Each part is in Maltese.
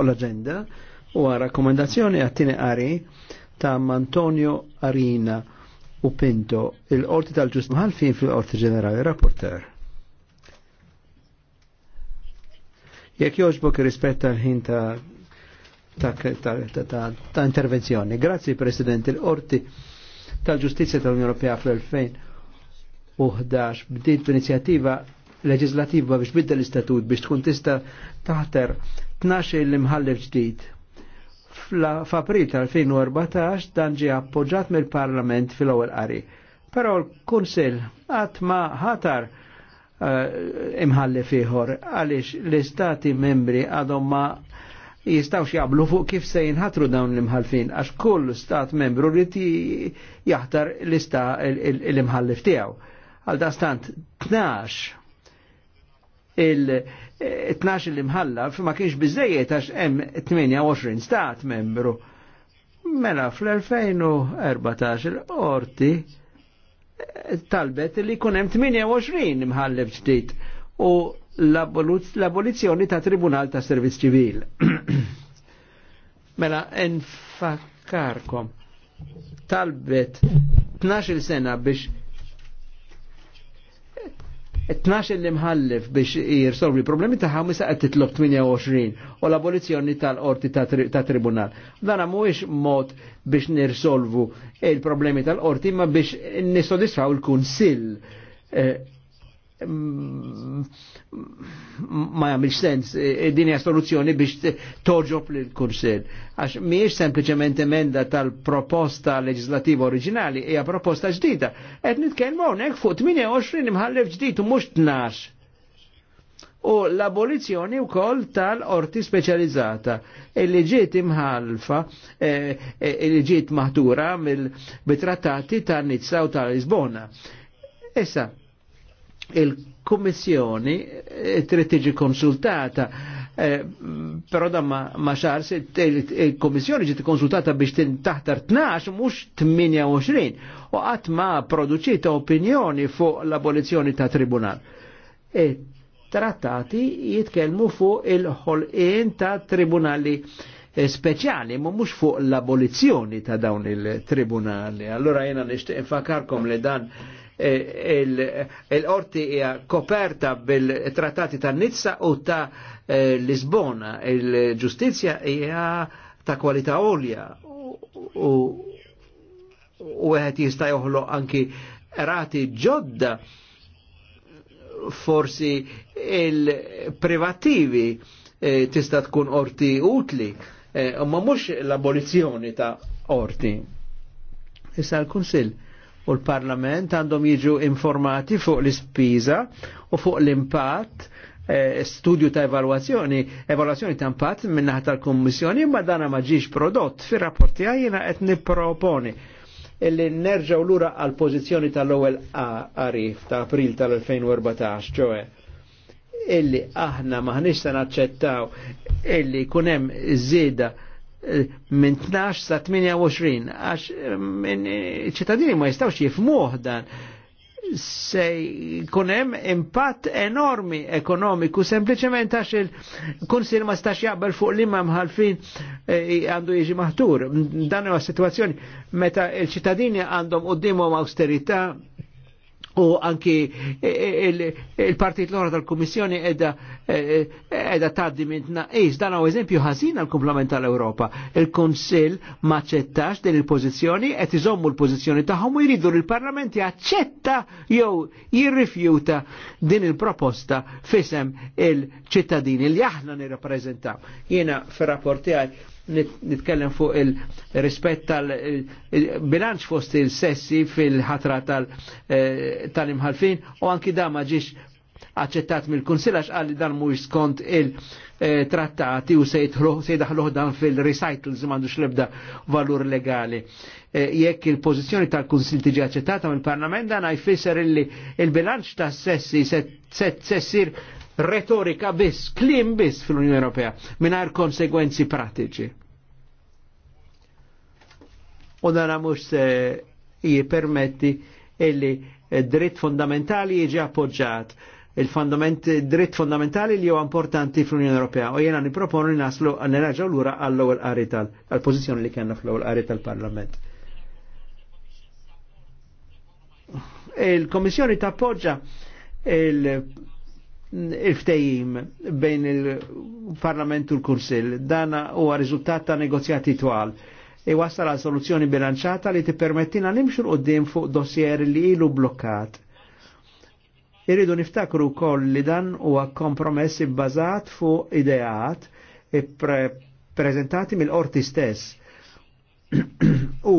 fuq l-agenda u rakkomandazzjoni għattini għari ta' Antonio Arina u Pinto il-Qorti tal-Ġust Maħalfin fil-Qorti Ġenerali Rapporter. Jekk joġbok rispetta l-ħin ta' ta' intervenzjoni. Grazzi President, il-Qorti tal-Ġustizja tal-Unjoni Ewropea fl-2011 bdiet b'inizjattiva leġislativa biex bidda l-istatut biex tkun tista taħter 12 l-imħallef ġdid. F'April tal-2014 dan ġie appoġġat mill-Parlament fil-ewwel qari. Però l-Kunsill qatt ma ħatar uh, imħallef ieħor għaliex l-istati membri għadhom ma jistawx jaqblu fuq kif se jinħatru dawn l-imħalfin għax kull stat membru rrit jaħtar l-imħallef tiegħu. Għal dastant 12 il-12 eh, l-imħalla ma kienx bizzejiet għax hemm 28 stat membru. Mela fl-2014 orti eh, talbet li kunem hemm 28 imħallef ġdid u l-abolizzjoni ta' Tribunal ta' Servizz Ċivil. mela nfakkarkom talbet 12 sena biex 12 l-imħallef biex jirsolvi problemi taħħa misa qed titlob 28 u l-abolizzjoni tal-qorti ta' tribunal. Dan mhuwiex mod biex nirsolvu il-problemi tal-qorti ma biex nissodisfaw il-kunsill eh, Mm, ma jamilx sens e, e, din hija soluzzjoni biex toġob lill kursel għax mhijiex sempliċement emenda tal-proposta leġislativa oriġinali hija proposta ġdida qed nitkellmu hawnhekk fuq 28 imħallef ġdid u mhux 12 u l-abolizjoni u koll tal-orti specializzata Il-liġiet imħalfa e, il-liġiet maħtura mill-bitrattati tal-Nizza u tal-Lisbona. Issa, Il-Kummissjoni eh, trid tiġi konsultata eh, Però da ma, xar se il kommissjoni ġiet konsultata biex taħtar 12 mhux 28 u qatt ma produċita opinjoni fuq l-abolizzjoni ta' tribunal. E trattati jitkellmu fuq il-ħolqien ta' tribunali eh, speċjali, ma mux fuq l-abolizzjoni ta' dawn il-tribunali. Allora jena nishtiq infakarkom li dan il orti hija koperta bil-trattati ta' Nizza u ta' eh, Lisbona. Il-ġustizja hija ta' kwalità olja u għet jista' joħloq anki rati ġodda forsi il-privativi eh, tista' tkun orti utli, eh, ma mhux l-abolizzjoni ta' orti. Issa l-Kunsill u l-Parlament għandhom jiġu informati fuq l-ispiża u fuq l-impatt eh, studju ta' evalwazzjoni, evalwazzjoni ta' impatt minnaħ tal-Kommissjoni, imma dana ma ġiex prodott fir-rapporti għajjina qed nipproponi illi nerġaw lura għal pożizzjoni tal-ewwel għarif ta' April tal-2014, ġoe illi aħna maħniex se naċċettaw illi kunem żieda minn 12 sa 28 għax eh, eh, ċittadini ma jistawx jifmuħ dan se kunem impatt enormi ekonomiku sempliciment għax il-kunsil ma stax jaqbel fuq li ma mħalfin eh, għandu jiġi maħtur. Dan huwa situazzjoni meta il-ċittadini għandhom qudiemhom austerità u anki il-partit il partit l tal-Komissjoni edha taddi minn naqis. Dan għu eżempju ħażin għal-komplement tal-Europa. Il-Konsil maċċettax din il pozizjoni qed iżommu l pozizjoni tagħhom u jridu l-Parlament jaċċetta jew jirrifjuta din il-proposta fisem il-ċittadini li aħna nirrappreżentaw. Jiena fir rapporti nitkellem fuq il-rispett tal-bilanċ fost il-sessi fil-ħatra eh, tal-imħalfin u anki da ma ġiex accettat mill-Kunsil għalli dan mux skont il-trattati u sejdaħluħ dan fil-recitals mandux lebda valur legali. Eh, jekk il-pozizjoni tal-Kunsil tiġi accettata mill-Parlament dan għajfisser illi il-bilanċ ta' sessi sessir retorika biss, klim biss fil-Unjoni Ewropea, minar konsegwenzi pratiċi u dana mux se jipermetti illi dritt fundamentali jieġi appoġġat il-fundament, dritt fundamentali li huwa importanti fl-Unjoni Ewropea u jiena niproponu naslu nerġgħu lura għall-ewwel qari tal-pożizzjoni li kellna fl-ewwel qari tal-Parlament. Il-Kommissjoni tappoġġa il-ftejim bejn il-Parlament u l-Kunsill. Dan huwa riżultat ta' negozjati twal E wasal għal soluzzjoni bilanċata li tippermettina nimxu l-qoddim fuq dossier li ilu blokkat. Irridu niftakru koll li dan huwa kompromessi bbażat fuq ideat e pre prezentati mill orti stess. U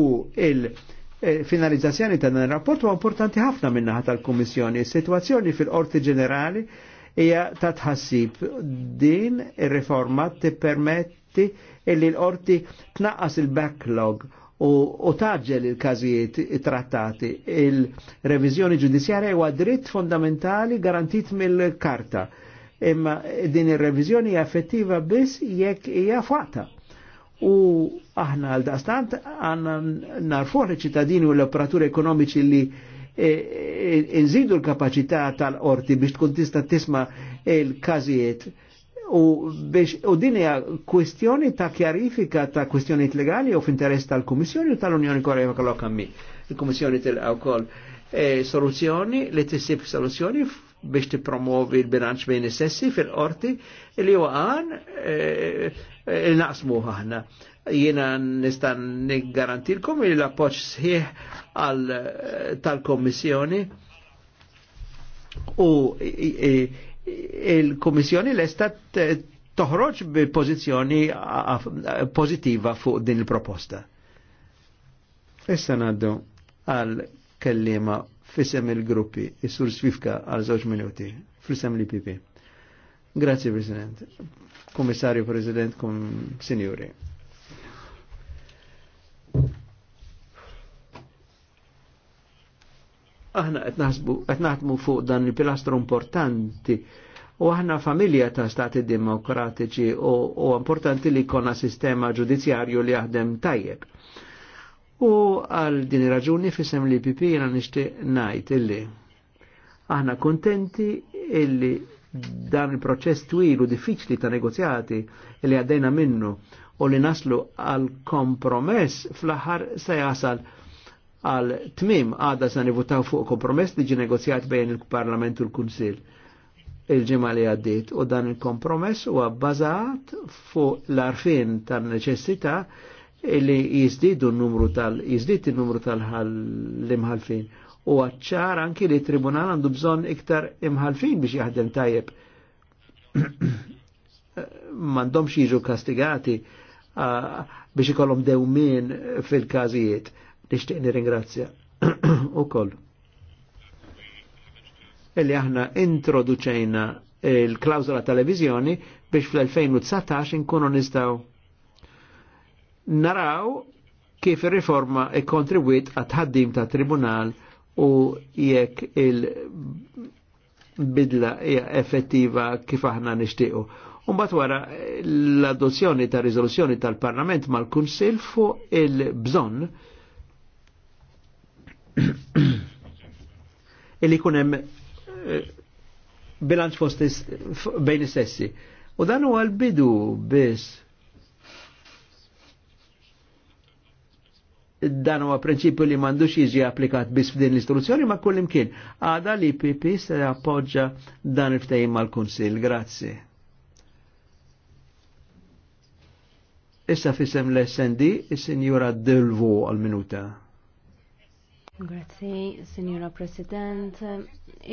il-finalizzazzjoni e, ta' dan rapport huwa importanti ħafna minna tal-Kummissjoni. Is-sitwazzjoni fil orti ġenerali hija ta' tħassib din ir-riforma tippermett fatti illi l-qorti tnaqqas il-backlog u u taġġel il-każijiet trattati. Il-reviżjoni ġudizzjarja huwa dritt fondamentali garantit mill-karta. Imma din ir-reviżjoni hija effettiva biss jekk hija fatta. U aħna għal daqstant għanna narfu ċittadini u l-operaturi ekonomiċi li e, e, inżidu l-kapacità tal-qorti biex tkun tista tisma il-każijiet U, biex, u din hija kwestjoni ta' kjarifika ta' kwestjoni legali u f'interess tal-Kummissjoni u tal-Unjoni Korea kollha kammi. Il-Kummissjoni tilqa' wkoll e, soluzzjoni li tisib soluzzjoni biex tippromovi l-bilanċ bejn is-sessi fil-qorti li huwa għan e, e, naqsmu aħna. Jiena nista' niggarantilkom li l-appoġġ sħiħ tal-Kommissjoni u il-Komissjoni l-esta toħroġ bi pozizjoni pozittiva fuq din il-proposta. Issa naddu għal kellima fisem il-gruppi, il-sur Swifka għal żewġ minuti, fisem li pipi. Grazie, President. Komissarju, President, kom, Signori. aħna qed naħdmu fuq dan il-pilastru importanti u aħna familja ta' stati demokratiċi u importanti li jkollna sistema ġudizzjarju li jaħdem tajjeb. U għal din raġuni fisem li pipi jena nishtiq najt illi. Aħna kontenti illi dan il-proċess twil u diffiċli ta' negozjati illi għaddejna minnu u li naslu għal kompromess fl-aħħar se jasal għal tmim għada sa' nivutaw fuq kompromess li ġi negozjat bejn il-Parlament u l-Kunsil il-ġimma li għaddit u dan il-kompromess huwa bbażat fuq l-arfin tan-neċessità li jizdidu n-numru tal jizdid il-numru tal-imħalfin u għacċar anki li tribunal għandu bżon iktar imħalfin biex jaħdem tajjeb. Mandom xiġu kastigati biex ikollhom dewmin fil-każijiet nixtieq u koll. Illi aħna introduċejna il-klawzola televizjoni biex fl-2019 inkunu nistaw naraw kif ir-riforma ikkontribwit għat ħaddim ta' tribunal u jekk il-bidla hija effettiva kif aħna nixtiequ. Umbat wara l-adozzjoni ta' riżoluzzjoni tal-Parlament mal-Kunsil fuq il-bżonn illi kunem eh, bilanċ fost bejn sessi. U dan huwa l-bidu biss. Dan huwa prinċipju li m'għandux jiġi applikat biss f'din l-istruzzjoni ma' kull imkien. Għada li PP se appoġġa dan il-ftehim mal-Kunsill. Grazzi. Issa fisem l-SND, is-Sinjura Delvo għal-minuta. Grazie, Signora President.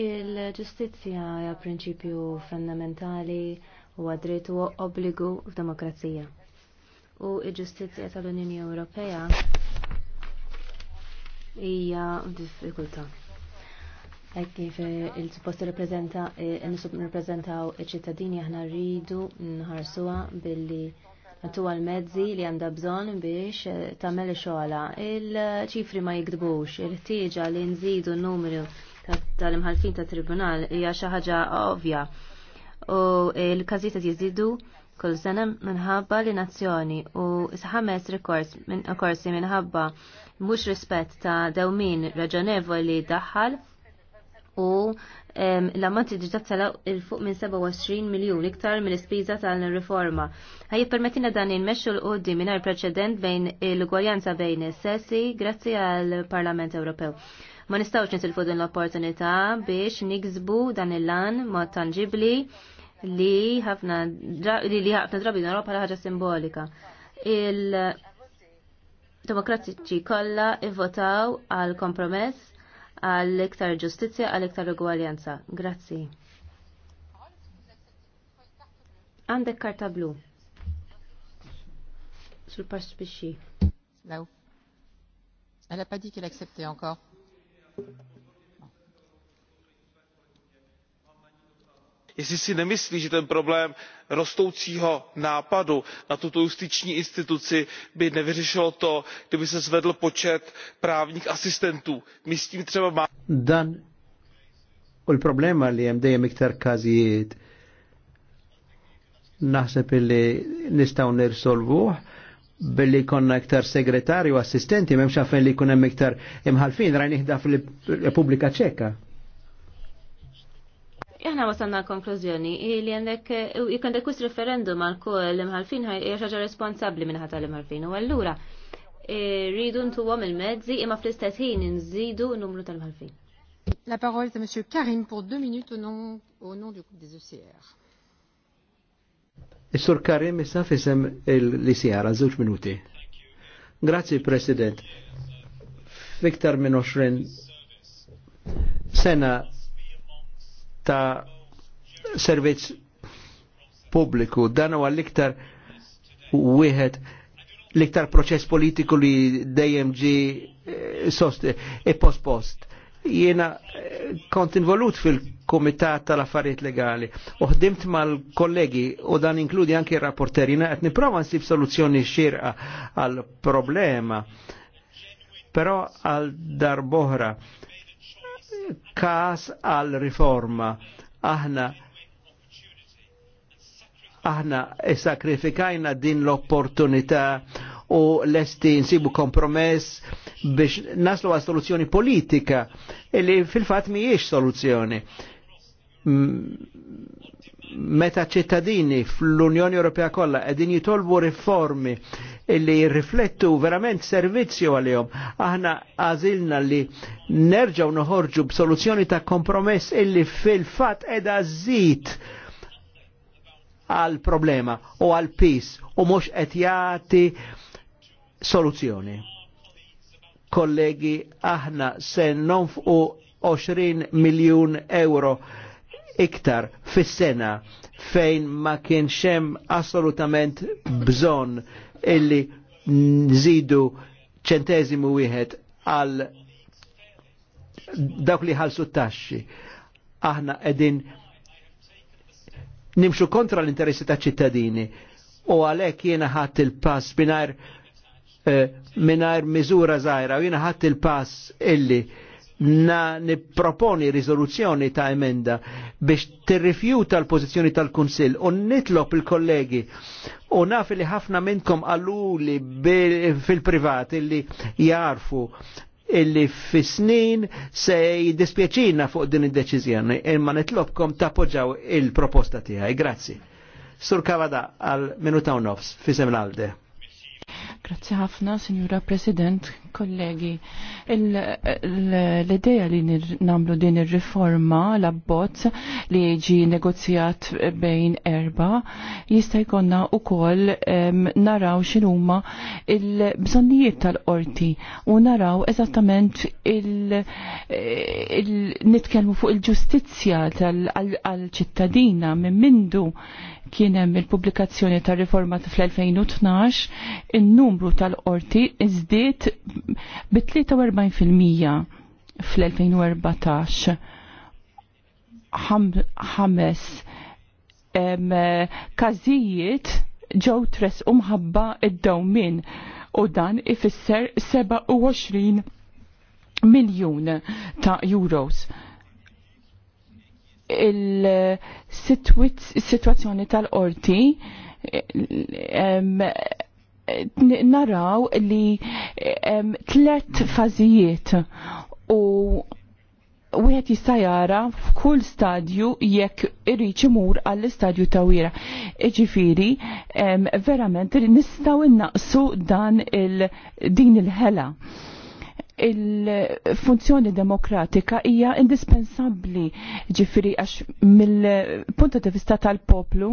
Il-ġustizja hija prinċipju fondamentali u għadritu u obbligu f'demokrazija. U il-ġustizja tal-Unjoni Ewropea hija diffikultà. Hekk kif il rappresenta reprezenta, nisub nirrepreżentaw iċ-ċittadini aħna rridu nħarsuha billi għatu l-mezzi li għanda bżon biex eh, tamel xoħla. Il-ċifri ma jikdbux, il-ħtieġa li nżidu n-numru tal-imħalfin ta' tribunal hija xi ħaġa ovvja. U l-każijiet qed jiżidu kull sena minħabba li nazzjoni u ħames rikors minn korsi minħabba mhux rispett ta' dewmin raġonevoli daħħal u l-ammont diġa tala il-fuq minn 27 miljon iktar mill-ispiża tal-riforma. Ħaj permettina dan il-mexxu l-qoddi mingħajr preċedent bejn l gwajanza bejn is-sessi grazzi għall-Parlament Ewropew. Ma nistgħux nitilfu din l-opportunità biex nigżbu dan il-lan ma tangibli li ħafna drabi naraw ewropa ħaġa simbolika. Il-demokratiċi kollha ivvotaw għal kompromess għal iktar ġustizja, għal iktar ugwaljanza. Grazzi. Għandek karta blu. Sul pass bixi. Law. Elle pa pas dit qu'elle ankor. Jessi Jestli si nemyslí, že ten problém rostoucího nápadu na tuto justiční instituci by nevyřešilo to kdyby se zvedl počet právních asistentů. my s tím třeba máme. dan u problema li hemm dejjem iktar każijiet naħseb illi nistaw nirsolvuħ billi konna iktar segretarju assistenti memx għafen li kunem iktar imħalfin rajniħda fil republika Ċeka ħana wasanna konklużjoni li għandek jkun kus referendum għal l imħalfin hija responsabli minn ħata l-imħalfin u għallura eh, rridu għom il medzi imma fl istat ħin nżidu n-numru tal-imħalfin. La parola ta' à Monsieur Karim pour deux minutes au nom, au nom du groupe des ECR. Is-sur Karim issa fissem l-ICR għal żewġ minuti. Grazie, President. Fiktar minn 20 sena ta' servizz pubbliku. Dan huwa l-iktar wieħed l-iktar proċess politiku li dejjem ġi e, eh, e eh, post-post. Jiena eh, kont involut fil-Komitat tal-Affarijiet Legali u ħdimt mal-kollegi u dan inkludi anke r-rapporterina qed nipprova nsib soluzzjoni xirqa għal problema. Però għal darboħra kas għal riforma. Aħna aħna sakrifikajna din l-opportunità u l-esti nsibu kompromess biex naslu għal soluzzjoni politika li fil-fat miex soluzzjoni. Meta ċittadini fl-Unjoni Ewropea kollha qegħdin jitolbu riformi Illi riflettu verament servizzju għalihom. Aħna għazilna li nerġaw noħorġu b'soluzzjoni ta' kompromess illi fil-fat edha zit għal problema u għal pis u mux qed jagħti soluzzjoni. Kollegi, aħna se nonfqu 20 miljun euro iktar fis-sena fejn ma kienx hemm assolutament bżonn illi nżidu ċentesimu wieħed għal dawk li ħalsu taxxi. Aħna qegħdin nimxu kontra l-interessi ta' ċittadini u għalhekk jiena ħadd il-pass mingħajr eh, mingħajr miżura żgħira u jiena ħadd il-pass illi na niproponi risoluzzjoni ta' emenda biex tirrifjuta l-pozizjoni tal-Kunsill u nitlob il-kollegi u naf li ħafna minnkom għalluli fil-privat illi jarfu illi fis-snin se jiddispjaċina fuq din id-deċiżjoni imma nitlobkom tappoġġaw il-proposta tiegħi. Grazzi. Sur Kavada għal minuta u nofs fisem l Grazzi ħafna, Signora President, kollegi. L-ideja li namlu din il-riforma, l-abbozz li ġi negozjat bejn erba, jista' jkollna wkoll naraw x'inhuma il-bżonnijiet tal-qorti u naraw eżattament il-nitkellmu fuq il-ġustizzja tal-ċittadina minn mindu kienem il-publikazzjoni ta' riforma fl-2012, il-numru tal-qorti żdiet b 43% fl-2014. Ħames kazijiet ġew tres umħabba id-dawmin u dan ifisser 27 miljun ta' euros il-situazzjoni tal-qorti naraw li tlet fazijiet u wieħed jista' jara f'kull stadju jekk irid imur għall-istadju ta' Iġifiri, verament nistgħu innaqsu dan il il din il ħela il-funzjoni demokratika hija indispensabbli ġifiri għax mill-punta di vista tal-poplu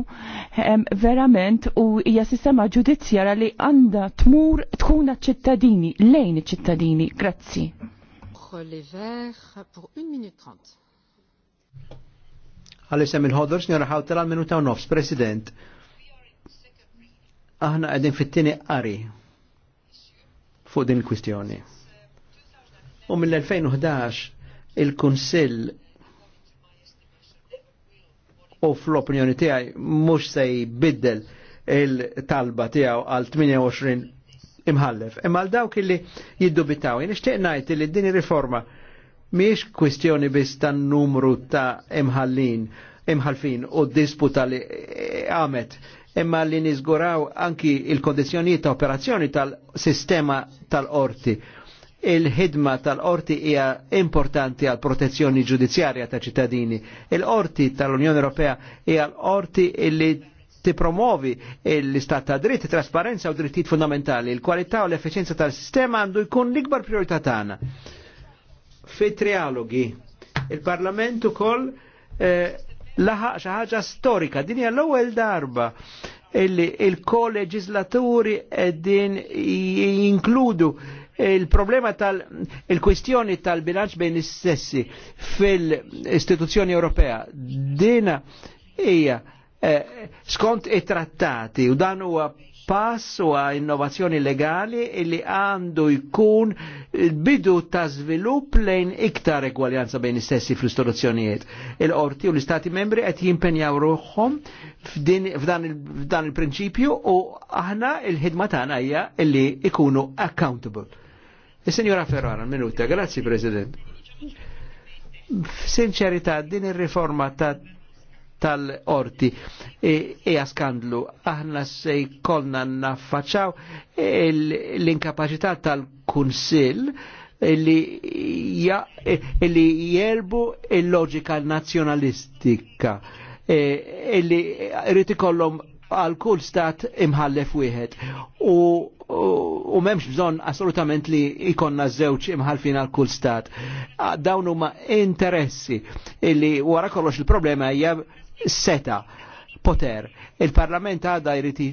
verament u hija sistema ġudizzjara li għandha tmur tkun ċittadini lejn iċ-ċittadini. Grazzi. Għalli semmin ħodor, xnjora ħawtel għal minuta u nofs, President. Aħna għedin fit-tini qari fuq din il-kwistjoni. U mill-2011 il-Kunsill u fl-opinjoni tiegħi mhux se jbiddel il-talba tiegħu għal 28 imħallef. Imma għal dawk illi jiddubitaw, Nixtieq ngħid li din ir-riforma miex kwistjoni biss tan numru ta' imħallin, imħalfin u disputa li għamet imma li nizguraw anki il-kondizjoni ta' operazzjoni tal-sistema tal-orti il-ħidma tal-qorti hija importanti għal protezzjoni ġudizzjarja ta' ċittadini. Il-qorti tal-Unjoni Ewropea hija l-qorti li tipromovi l-istat ta' dritt, trasparenza u drittijiet fundamentali. Il-kwalità u l-efficienza tal-sistema għandu jkun l-ikbar priorità tagħna. Fi trialogi, il-Parlament ukoll eh, laħaq xi ħaġa storika, din hija l-ewwel darba illi il-koleġislaturi din jinkludu il Il-problema tal-kwistjoni il tal-bilanċ bejn is-sessi fil-istituzzjoni Ewropea dina hija eh, skont it-trattati u dan huwa pass u innovazzjoni legali li għandu jkun bidu ta' svilupp lejn iktar egwaljanza bejn istessi fl-istituzzjonijiet. Il-qorti u l-istati membri qed jimpenjaw ruħhom f'dan il-prinċipju u aħna il-ħidma tagħna hija li ikunu accountable il signora Ferrara, minuta, grazie President. Sincerità, din ir-riforma ta' tal-orti e e, skandlu. Aħna se jkollna naffaċċaw l-inkapaċità tal-Kunsill li jerbu il-loġika nazjonalistika e, e li ikollhom għal kull stat imħallef wieħed. U, u, u memx bżon assolutament li ikonna żewġ imħalfin għal kull stat. Dawn huma interessi illi wara kollox il-problema hija seta poter. Il-Parlament għada jrid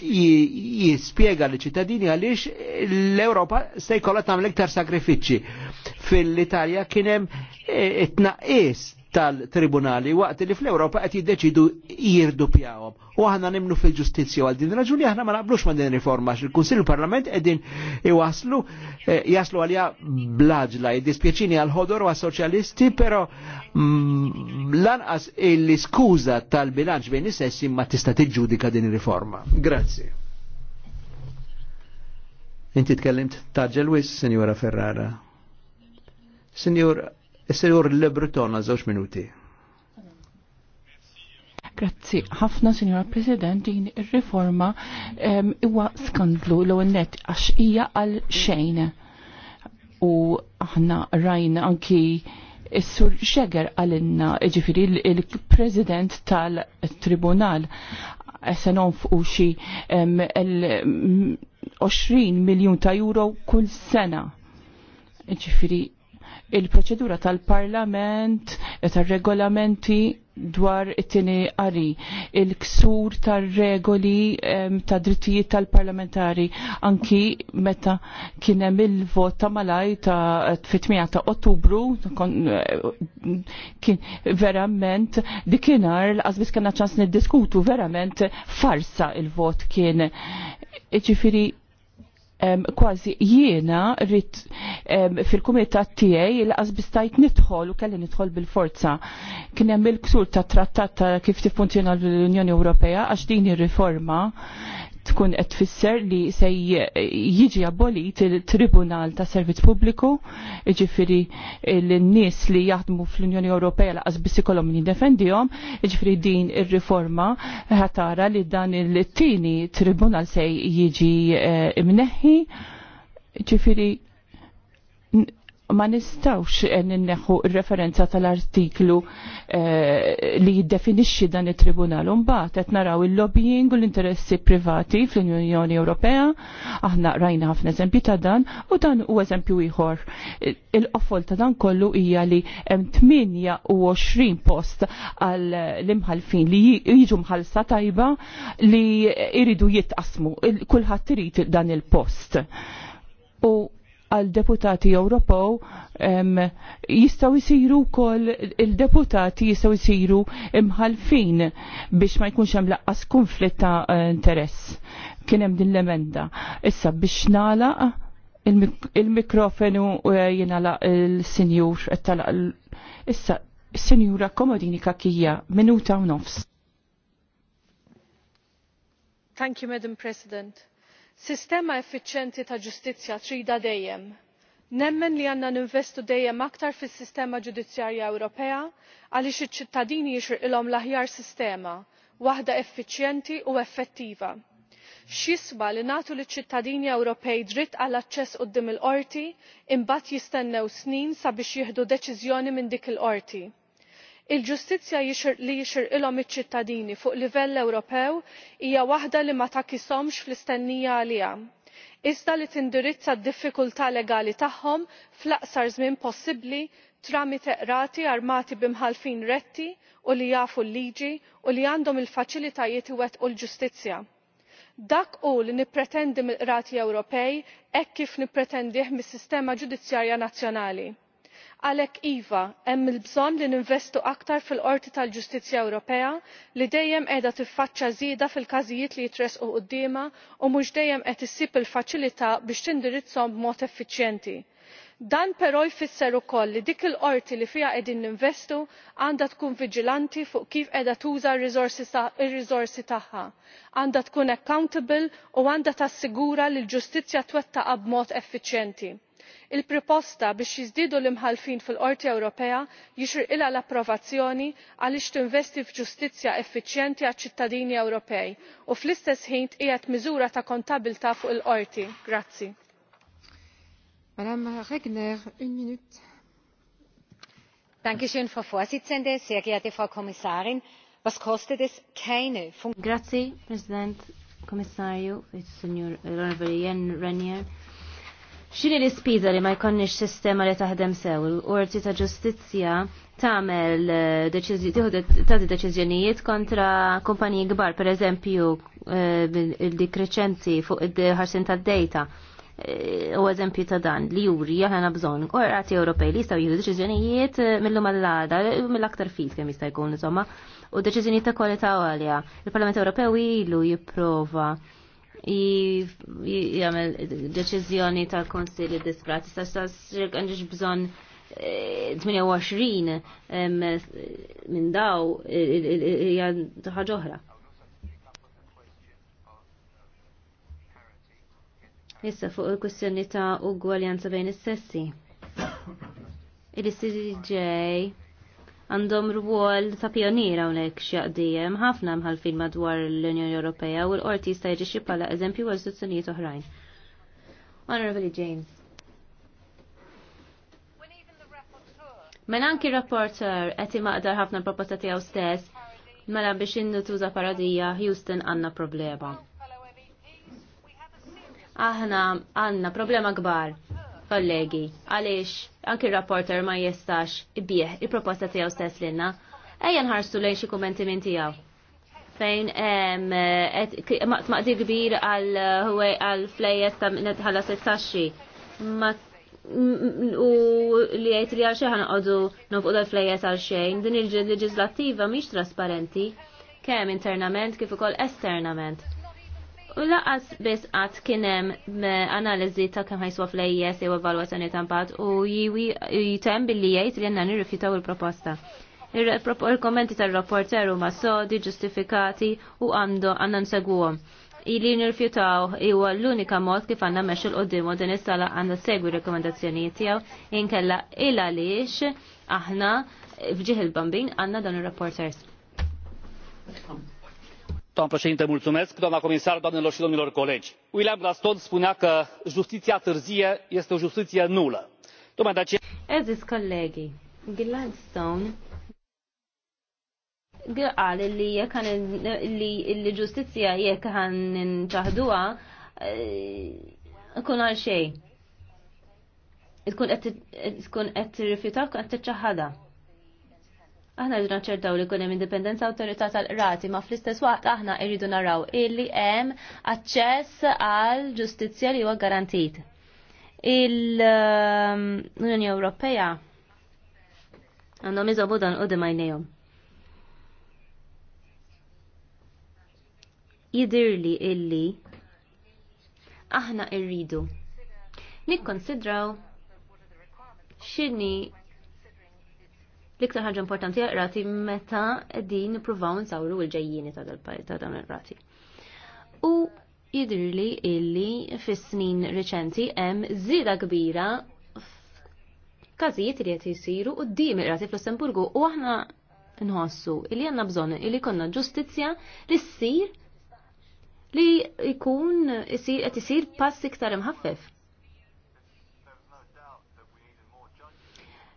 jispiega li ċittadini għaliex l-Europa se jkollha tagħmel iktar sakrifiċċji. Fil-Italja kien hemm e, it-tnaqqis tal-tribunali waqt li fl-Europa qed jiddeċidu jirdu pjawhom. U aħna nimnu fil-ġustizzja għal din raġuni aħna ma naqblux ma din riforma il kunsill parlament qegħdin iwaslu eh, jaslu għalija blaġla jiddispjaċini għal ħodor u soċjalisti però mm, lanqas il iskuża tal-bilanċ bejn is-sessi ma tista' tiġġudika din riforma Grazzi. Inti tkellimt taġġel wis, Sinjora Ferrara. Sinjor Is-senjur Lebreton għal żewġ minuti. Grazzi. Ħafna, Sinjora President, din ir-riforma huwa skandlu l net għax hija għal xejn. U aħna rajna anki Is-sur Xeger għalinna, ġifiri l president tal-Tribunal, se nonfqu xi 20 miljun ta' euro kull sena. Ġifiri il-proċedura tal-parlament, tal-regolamenti dwar it-tini qari, il-ksur tal-regoli ta' drittijiet tal-parlamentari, anki meta kienem il-vot ta' malaj ta' fitmija ta' ottubru, eh, kien verament dikinar l-azbis kena ċans niddiskutu, verament farsa il-vot kien. Ġifiri, um, kważi jiena rrit um, fil-kumitat tiegħi il-qas bistajt nidħol u kelli nidħol bil-forza. Kien hemm il-ksur ta' trattat ta' kif tiffunzjona l-Unjoni Ewropea għax din ir-riforma tkun qed tfisser li se jiġi abolit il-Tribunal ta' Servizz Pubbliku, jiġifieri l-nies li jaħdmu fl-Unjoni Ewropea laqas biss ikollhom jiddefendihom, jiġifieri din ir-riforma ħatara li dan il-tieni tribunal se jiġi eh, imneħħi, ġifiri ma nistawx eh, ninneħu referenza tal-artiklu eh, li jiddefinixxi dan it-tribunal. Mbagħad qed naraw il-lobbying u l-interessi privati fl-Unjoni Ewropea, aħna rajna ħafna eżempji ta' dan u dan u eżempju ieħor. Eh, il-qofol ta' dan kollu hija li hemm 28 post għal l-imħalfin li jiġu mħalsa tajba li jridu jitqasmu. Kulħadd irid dan il-post għal deputati Ewropew jistaw jisiru kol il-deputati jistaw jisiru imħalfin biex ma jkunx hemm laqqas konflitt ta' interess. Kien hemm din l-emenda. Issa biex nalaq il-mikrofonu eh, jingħalaq il-sinjur talaq issa sinjura Komodini Kakija minuta u nofs. Thank you, Madam President sistema effiċjenti ta' ġustizzja trida dejjem nemmen li għandna ninvestu dejjem aktar fis-sistema ġudizzjarja ewropea għaliex iċ-ċittadini jixrilhom l-aħjar sistema waħda effiċjenti u effettiva. x'jiswa li nagħtu liċ-ċittadini ewropej dritt għal aċċess quddiem il-qorti imbagħad jistennew snin sabiex jieħdu deċiżjoni minn dik il-qorti il ġustizzja li jixirqilhom iċ-ċittadini fuq livell ewropew hija waħda li ma takishomx fl-istennija għaliha iżda li tindirizza d-diffikultà legali tagħhom fl-aqsar żmien possibbli tramite qrati armati bi retti u li jafu l-liġi u li għandhom il-faċilitajiet iwettqu l-ġustizzja. dak hu li nippretendi mill-qrati ewropej hekk kif nippretendih mis-sistema ġudizzjarja nazzjonali għalhekk iva hemm il bżonn li ninvestu aktar fil qorti tal ġustizzja ewropea li dejjem qiegħda tiffaċċja żieda fil-każijiet li jitresqu quddiemha u mhux dejjem qed issib il faċilità biex tindirizzahom b'mod effiċjenti. dan però jfisser ukoll li dik il qorti li fiha qegħdin ninvestu għandha tkun viġilanti fuq kif qiegħda tuża r-riżorsi tagħha għandha tkun accountable u għandha tassigura li l-ġustizzja twettaq b'mod effiċjenti il proposta biex jiżdiedu l imħallfin fil qorti ewropea jixrqilha l-approvazzjoni għaliex tinvesti f'ġustizzja effiċjenti għaċ-ċittadini ewropej u fl-istess ħin tqiegħed miżura ta' kontabilità fuq il qorti. President, Signor X'inhi l-ispiża li ma jkollniex sistema li taħdem sew l-Qorti ta' Ġustizzja tagħmel eh, tagħti deċiżjonijiet kontra kumpaniji kbar, pereżempju eh, dik reċenti fuq id-ħarsin tad-dejta eh, u eżempju ta' dan li juri jaħna bżon qorati Ewropej li jistaw jieħdu deċiżjonijiet mill-lum għall-għada, mill-aktar fit kemm jista' jkun insomma, u deċiżjonijiet ta' kwalità għalja. Il-Parlament Ewropew ilu jipprova jgħamil deċizjoni tal-Konsilju diskrat. Sa' sa' għandġiġ bżon 28 eh, minn daw ħaġa oħra. Issa fuq il-kwestjoni ta' ugwaljanza bejn is-sessi. Il-CDJ għandhom rwol ta' pionira unek xjaqdijem ħafna mħalfin madwar l-Unjoni Ewropea u l-qorti jista' jiġi bħala eżempju għal istituzzjonijiet oħrajn. Honorable James. Men mela anki rapporter qed maqdar ħafna proposta tiegħu stess mela biex tuża paradija Houston għandna problema. Aħna għandna problema kbar, kollegi, għaliex anki rapporter ma jistax bieħ il-proposta tiegħu stess l-inna. Ejja nħarsu lejn xi kummenti minn tiegħu. Fejn maqdi kbir għal huwej għal flejjes ta' ħalla sittaxxi. U li għajt li għal xi ħanqodu nofqod għal flejjes għal xejn, din il-leġislattiva mhix trasparenti kemm internament kif ukoll esternament u laqas biss qatt kien hemm eh, analiżi ta' kemm ħajswa fl-ejjes jew evalwazzjoni ta' impatt u jitem billi jgħid li għandna nirrifjutaw il-proposta. Il-kommenti tal-rapporter huma sodi, ġustifikati u għandu għandna nsegwuhom. Ili nirrifjutaw huwa l-unika mod kif għandna mexxu l-qoddim u din is-sala għandna segwi rekomendazzjonijiet tiegħu inkella il għaliex aħna fġieħ il-bambin għandna dan ir-rapporters doamnă președintă doamnă comisar doamnelor și domnilor colegi william glaston spunea că justiția târzie este o justiție nulă. tocmai de aceea. eżis kollegi gladstone qal li li jekk ħan eh, ikun għal xejn. Tkun qed tkun qed tiċċaħħadha. Aħna rridu naċċertaw li kunem indipendenza autorità tal-qrati, ma fl-istess waqt aħna rridu naraw illi hemm aċċess għal ġustizzja li huwa garantit. Il-Unjoni Ewropea għandhom iżobu dan u dimajnejhom. Jidirli illi aħna rridu nikkonsidraw x'inhi L-iktar ħaġa importanti rati meta din nippruvaw nsawru l ġajjini ta' dan ir-rati. U jidrili illi fis-snin reċenti hemm zida kbira kazijiet li qed jisiru quddiem il rati fl-Lussemburgu u aħna nħossu illi għandna bżonn illi konna ġustizzja li ssir li jkun qed isir pass iktar imħaffef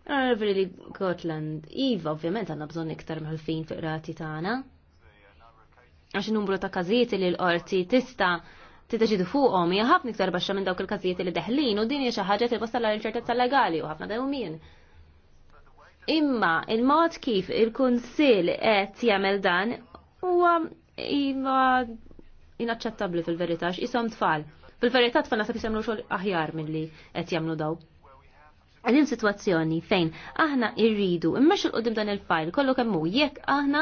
Għarveri li Gotland, Iva ovvjament għanna bżon iktar mħalfin fuq rati tagħna. Għax numru ta' każijiet li l-qorti tista' titaġidu fuqhom hija ħafna iktar baxxa minn dawk il-każijiet li deħlin u din xi ħaġa tilposta l ċertezza legali u ħafna dewmien. Imma il-mod kif il-Kunsill qed jagħmel dan huwa iva inaċċettabbli fil-verità x'ishom tfal. Fil-verità tfal nasab jisemlu xogħol aħjar milli qed jagħmlu daw. Għadim situazzjoni fejn aħna irridu immax il-qoddim dan il-fajl kollu kemmu jekk aħna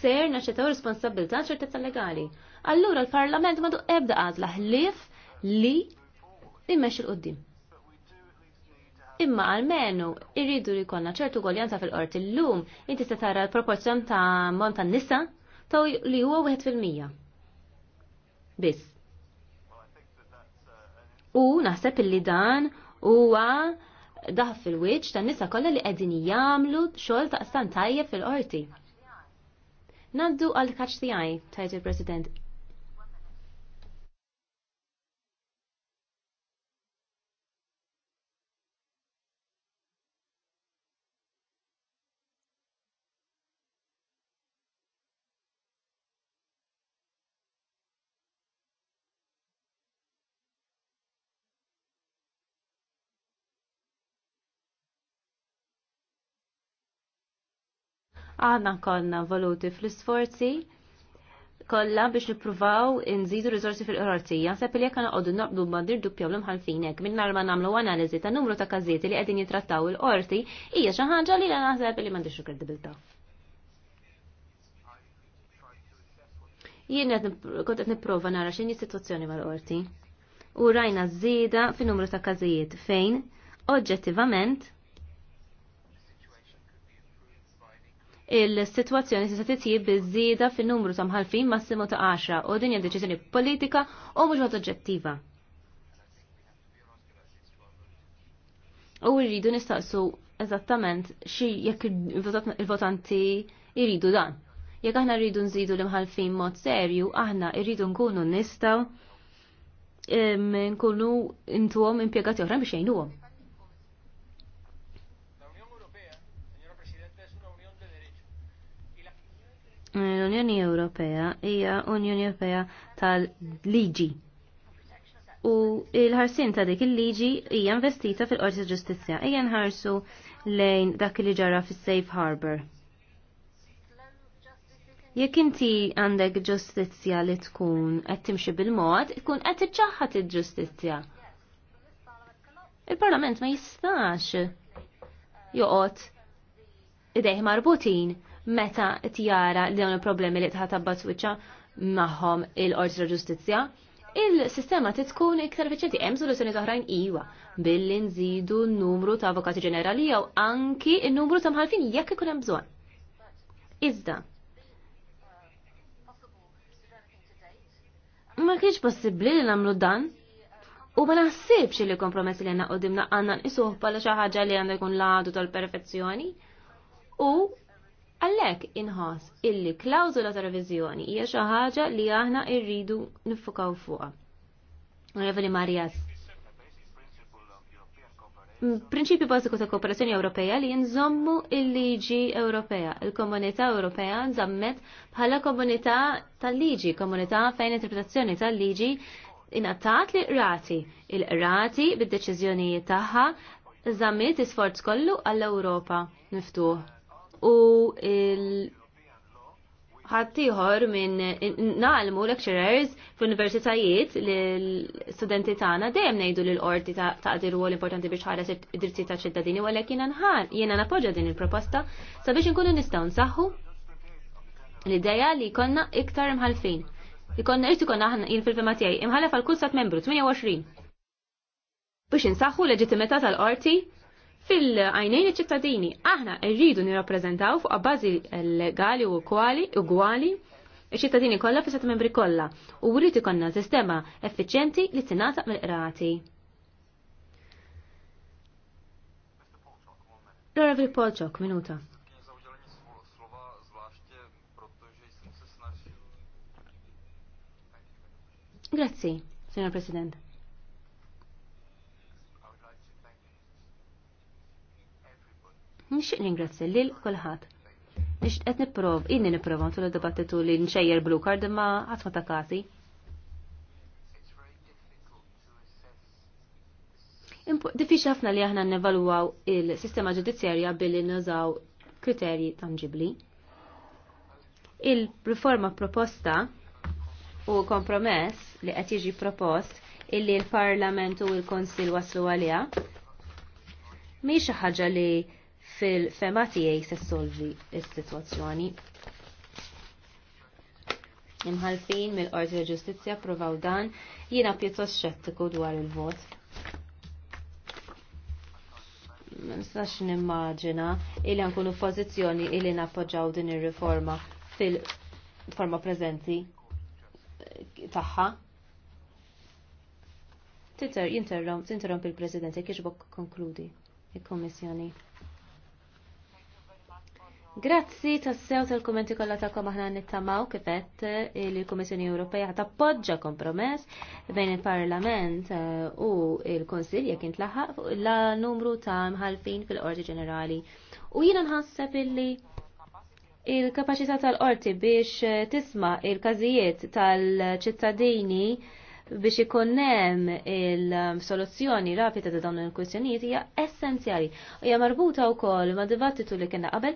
ser naċċetaw responsabilta ċertezza legali. Allura l-Parlament madu ebda għad laħlif li immax il-qoddim. Imma għalmenu irridu li konna ċertu għoljanza fil-qorti l-lum inti se tara l-proporzjon ta' monta nisa ta' li huwa 1%. Biss. U naħseb illi dan huwa daħ fil-wiċ tan nisa kollha li qegħdin jagħmlu xogħol ta' tajjeb fil-qorti. Naddu għal kaċ tiegħi, tajt il-President, Aħna konna voluti fl-isforzi kollha biex nippruvaw nżidu rizorsi fil-qorartija, sepp li jekk għoddu noqdu madir dupjaw l-imħalfin minn ma nagħmlu analiżi ta' numru ta' każieti li qegħdin jitrattaw il-qorti hija xi ħaġa li naħseb li m'għandix kredibilità. Jien kont qed nipprova nara x'inhi situazzjoni mal-qorti. U rajna żieda fin numru ta' każijiet fejn oġġettivament il-situazzjoni se titjib biżieda fin-numru ta' mħalfin massimu ta' 10 u din hija deċiżjoni politika u mhux oġġettiva. U rridu nistaqsu eżattament xi jekk il-votanti jridu dan. Jekk aħna rridu nżidu l-imħalfin mod serju, aħna rridu nkunu nistaw nkunu intuhom impjegati oħra biex jgħinuhom. l-Unjoni Ewropea hija Unjoni Ewropea tal-liġi. U il-ħarsin ta' dik il-liġi hija investita fil-Qorti Ġustizzja. Ejja nħarsu lejn dak li ġara fis-Safe Harbor. Jekk inti għandek ġustizzja li tkun qed timxi bil-mod, ikun qed iġġaħħad il-ġustizzja. Il-Parlament ma jistax joqgħod idejh marbutin meta tjara li dawn il-problemi li tħatabba switcha maħħom il-Qorti ta' Ġustizzja il-sistema titkun iktar efficienti hemm soluzzjoni oħrajn iwa billi nżidu n-numru ta' avukati ġenerali jew anki n-numru ta' mħalfin jekk ikun hemm bżonn. Iżda. Ma kienx possibbli li nagħmlu dan. U ma naħsibx li kompromessi li għanna qoddimna għanna nisuħ pala xi ħaġa li għandha jkun ladu tal-perfezzjoni. U Għallek inħoss illi klawzula ta' revizjoni hija xi ħaġa li aħna rridu nifukaw fuqha. Onorevoli Marias. Prinċipju bażiku ta' kooperazzjoni Ewropea li jinżommu il-liġi Ewropea. Il-komunità Ewropea nżammet bħala komunità tal-liġi, komunità fejn interpretazzjoni tal-liġi inattat li rati. Il-rati bid-deċiżjonijiet tagħha żammiet isforz kollu għall-Ewropa miftuħ u il- ħaddieħor minn nagħlmu lecturers fl-universitajiet l-studenti tagħna dejjem ngħidu lil qorti taqdir huwa l-importanti biex ħares id-dritti ta' ċittadini għalhekk jiena nħan jiena napoġġa din il-proposta sabiex inkunu nistgħu nsaħħu l-idea li jkollna iktar imħalfin. Ikonna irti konna aħna jien fil-fema għal kull sat membru 28. Biex insaħħu leġittimità tal-qorti fil-għajnejn ċittadini Aħna rridu nirrappreżentaw fuq bażi legali u kwali ugwali iċ-ċittadini kollha fis membri kollha u rrid ikollna sistema effiċjenti li tingħata mill-qrati. Lora Polczok, minuta. Grazzi, signor President. Nixtieq ningrazzi lil kulħadd. Nixtieq qed inni nipprova għantu l dibattitu li nxejjer blue card ma qatt ma ta' kasi. Diffiċ ħafna li aħna nevaluaw il-sistema ġudizzjarja billi nużaw kriterji tangibli. Il-riforma proposta u kompromess li qed jiġi propost illi l-Parlament u l-Konsil waslu għalija. Mhix ħaġa li fil-fema tiegħi se solvi s-sitwazzjoni. Imħalfin mill-Qorti tal Ġustizzja provaw dan jiena pjuttost xettiku dwar il-vot. Ma nistax nimmaġina illi nkunu f'pożizzjoni illi nappoġġaw din ir-riforma fil-forma preżenti tagħha. Tinterromp il-President, kiex bok konkludi il kummissjoni Grazzi tassew tal-kommenti kollha tagħkom aħna nittamaw kifett eh, li l-Kummissjoni Ewropea tappoġġa kompromess bejn il-Parlament eh, u l-Konsilja kien tlaħaq fuq la numru ta' mħalfin fil-Qorti Ġenerali. U jiena nħasseb illi il-kapaċità tal-qorti biex eh, tisma' il-każijiet tal-ċittadini biex ikonnem il-soluzzjoni rapida ta' dawn il-kwistjonijiet hija essenzjali u hija marbuta wkoll ma' dibattitu li kienna qabel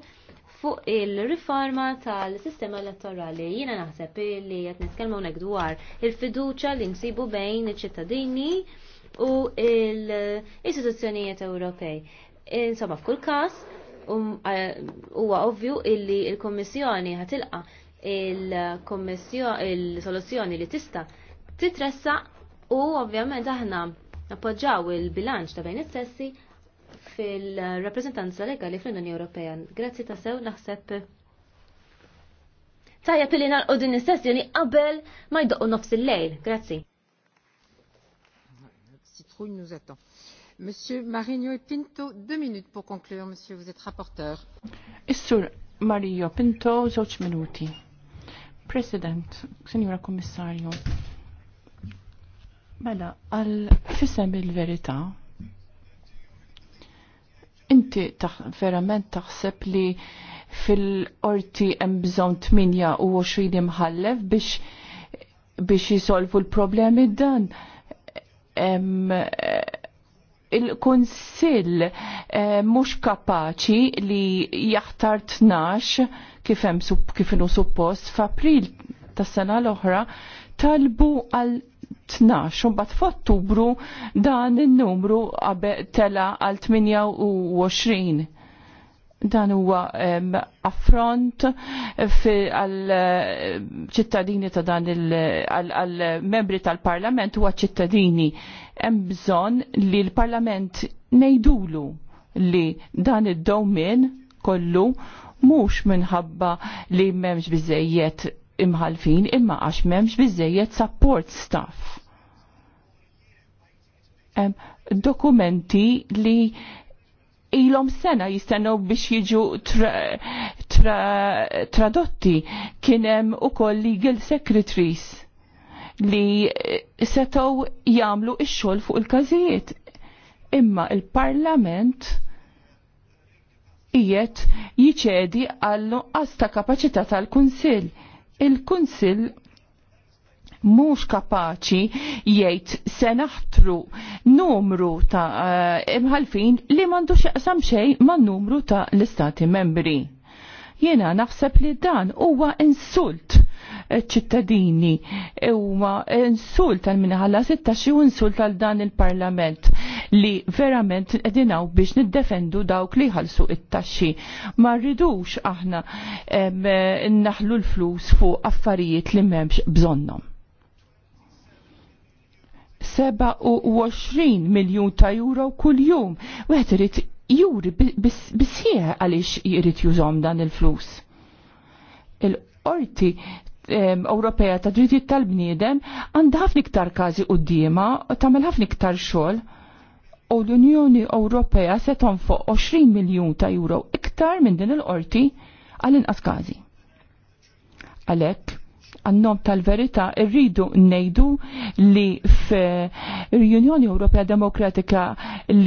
fuq il-riforma tal-sistema elettorali. Jiena naħseb li qed nitkellmu hawnhekk dwar il-fiduċja li nsibu bejn iċ-ċittadini u l-istituzzjonijiet Ewropej. Insomma, f'kull każ um, eh, huwa ovvju illi l-Kommissjoni ħatilqa il-soluzzjoni li tista' titressa u ovvjament aħna appoġġaw il-bilanċ ta' bejn it sessi fil-rappresentanza legali fl-Unjoni Ewropea. Grazzi ta' sew naħseb Tajja pilli nalqu din is-sessjoni qabel ma jdoqqu nofs il-lejl. Grazzi. Monsieur Marino Pinto, deux minutes pour conclure, monsieur, vous êtes rapporteur. Monsieur Mario Pinto, deux minutes. President, Signora commissario, mela, al fissem il verità, Inti verament taħseb li fil-qorti hemm bżonn 28 imħallef biex biex jisolvu l-problemi dan. Il-Kunsill eh, mhux kapaċi li jaħtar 12 kif hemm kif inhu suppost f'April tas-sena l-oħra talbu għal 12, un bat f'Ottubru dan il-numru għabe tela għal 28 dan huwa affront għal ċittadini ta' dan għal membri tal-parlament huwa ċittadini hemm bżonn li l-parlament ngħidulu li dan id domin kollu mhux minħabba li m'hemmx biżejjed imħalfin imma għax memx bizzejiet support staff. Um, dokumenti li ilom sena jistennew biex jiġu tra, tra, tradotti kienem u koll legal secretaries li eh, setaw jamlu ix-xogħol fuq il-każijiet. Imma il-Parlament qiegħed jiċedi għall nuqqas ta' kapaċità tal-Kunsill il-Kunsill mhux kapaċi jgħid se naħtru numru ta' eh, imħalfin li m'għandux x'jaqsam xejn man numru ta' l-istati membri. Jiena naħseb li dan huwa insult eh, ċittadini huwa insult għal minħalla sitta xi insult għal dan il-Parlament li verament edinaw biex niddefendu dawk li ħalsu it-taxxi. Ma rridux aħna naħlu l-flus fuq affarijiet li m'hemmx bżonnhom. 27 miljun ta' euro kull jum. Wieħed irid juri bisħieħ għaliex jrid jużom dan il-flus. Il-qorti Ewropea ta' dritti tal-bniedem għandha ħafna iktar każi qudiema tagħmel ħafna iktar xogħol u l-Unjoni Ewropea se tonfoq 20 miljun ta' euro iktar minn din il-qorti għall-inqas każi. Għalhekk, għannom tal verità rridu nejdu li f'Unjoni Ewropea Demokratika li